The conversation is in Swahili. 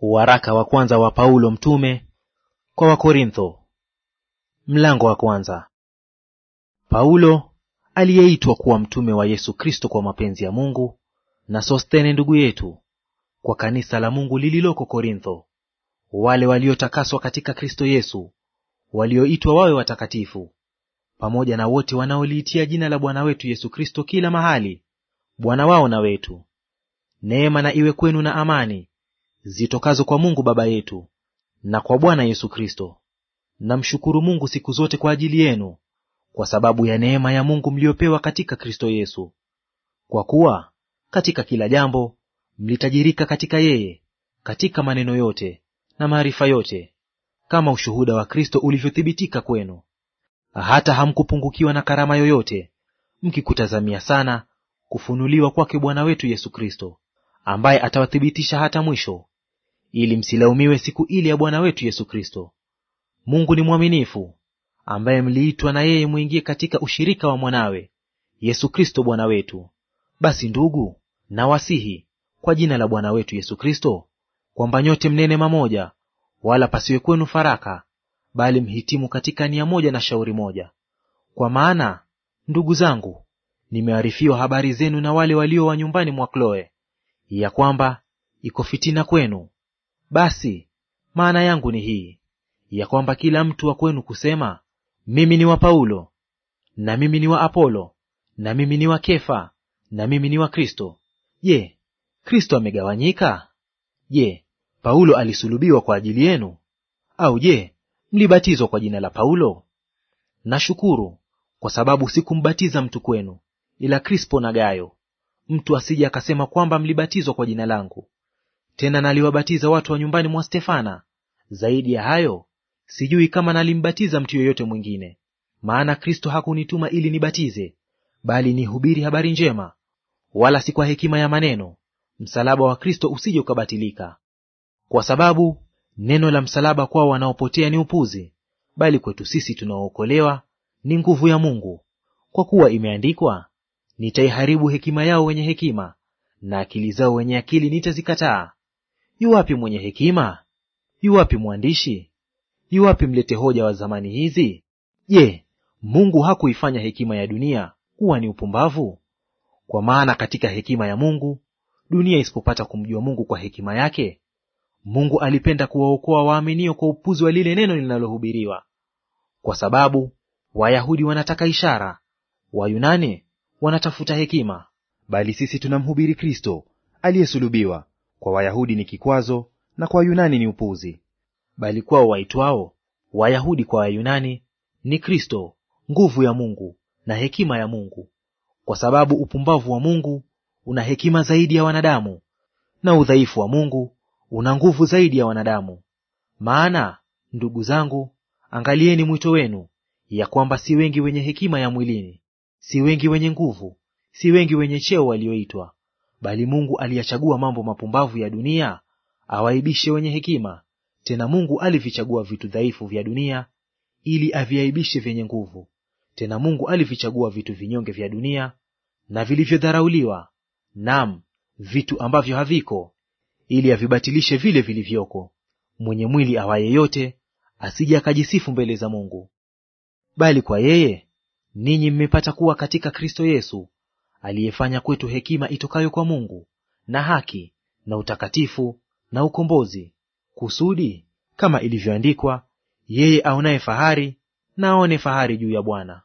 Waraka wa kwanza wa Paulo mtume kwa Wakorintho, mlango wa kwanza. Paulo aliyeitwa kuwa mtume wa Yesu Kristo kwa mapenzi ya Mungu, na Sostene ndugu yetu, kwa kanisa la Mungu lililoko Korintho, wale waliotakaswa katika Kristo Yesu, walioitwa wawe watakatifu, pamoja na wote wanaoliitia jina la Bwana wetu Yesu Kristo kila mahali, Bwana wao na wetu. Neema na iwe kwenu na amani zitokazo kwa Mungu Baba yetu na kwa Bwana Yesu Kristo. Namshukuru Mungu siku zote kwa ajili yenu, kwa sababu ya neema ya Mungu mliyopewa katika Kristo Yesu. Kwa kuwa katika kila jambo mlitajirika katika yeye, katika maneno yote na maarifa yote, kama ushuhuda wa Kristo ulivyothibitika kwenu. Hata hamkupungukiwa na karama yoyote, mkikutazamia sana kufunuliwa kwake Bwana wetu Yesu Kristo, ambaye atawathibitisha hata mwisho ili msilaumiwe siku ile ya Bwana wetu Yesu Kristo. Mungu ni mwaminifu, ambaye mliitwa na yeye mwingie katika ushirika wa mwanawe Yesu Kristo Bwana wetu. Basi ndugu, nawasihi kwa jina la Bwana wetu Yesu Kristo kwamba nyote mnene mamoja, wala pasiwe kwenu faraka, bali mhitimu katika nia moja na shauri moja. Kwa maana ndugu zangu, nimearifiwa habari zenu na wale walio wa nyumbani mwa Kloe, ya kwamba iko fitina kwenu basi maana yangu ni hii ya kwamba kila mtu wa kwenu kusema, mimi ni wa Paulo, na mimi ni wa Apolo, na mimi ni wa Kefa, na mimi ni wa Kristo. Je, Kristo amegawanyika? Je, Paulo alisulubiwa kwa ajili yenu? Au je, mlibatizwa kwa jina la Paulo? Nashukuru kwa sababu sikumbatiza mtu kwenu ila Krispo na Gayo, mtu asije akasema kwamba mlibatizwa kwa jina langu. Tena naliwabatiza watu wa nyumbani mwa Stefana; zaidi ya hayo sijui kama nalimbatiza mtu yoyote mwingine. Maana Kristo hakunituma ili nibatize, bali nihubiri habari njema, wala si kwa hekima ya maneno, msalaba wa Kristo usije ukabatilika. Kwa sababu neno la msalaba kwao wanaopotea ni upuzi, bali kwetu sisi tunaookolewa ni nguvu ya Mungu. Kwa kuwa imeandikwa, nitaiharibu hekima yao wenye hekima, na akili zao wenye akili nitazikataa. Yu wapi mwenye hekima? Yu wapi mwandishi? Yu wapi mlete hoja wa zamani hizi? Je, Mungu hakuifanya hekima ya dunia kuwa ni upumbavu? Kwa maana katika hekima ya Mungu, dunia isipopata kumjua Mungu kwa hekima yake, Mungu alipenda kuwaokoa waaminio kwa upuzi wa lile neno linalohubiriwa. Kwa sababu Wayahudi wanataka ishara, Wayunani wanatafuta hekima, bali sisi tunamhubiri Kristo aliyesulubiwa, kwa Wayahudi ni kikwazo, na kwa Wayunani ni upuzi; bali kwao waitwao Wayahudi kwa Wayunani ni Kristo nguvu ya Mungu na hekima ya Mungu. Kwa sababu upumbavu wa Mungu una hekima zaidi ya wanadamu, na udhaifu wa Mungu una nguvu zaidi ya wanadamu. Maana ndugu zangu, angalieni mwito wenu, ya kwamba si wengi wenye hekima ya mwilini, si wengi wenye nguvu, si wengi wenye cheo walioitwa, Bali Mungu aliyachagua mambo mapumbavu ya dunia awaibishe wenye hekima. Tena Mungu alivichagua vitu dhaifu vya dunia ili aviaibishe vyenye nguvu. Tena Mungu alivichagua vitu vinyonge vya dunia na vilivyodharauliwa, nam vitu ambavyo haviko, ili avibatilishe vile vilivyoko, mwenye mwili awaye yote asije akajisifu mbele za Mungu. Bali kwa yeye ninyi mmepata kuwa katika Kristo Yesu aliyefanya kwetu hekima itokayo kwa Mungu na haki na utakatifu na ukombozi, kusudi kama ilivyoandikwa, yeye aonaye fahari na aone fahari juu ya Bwana.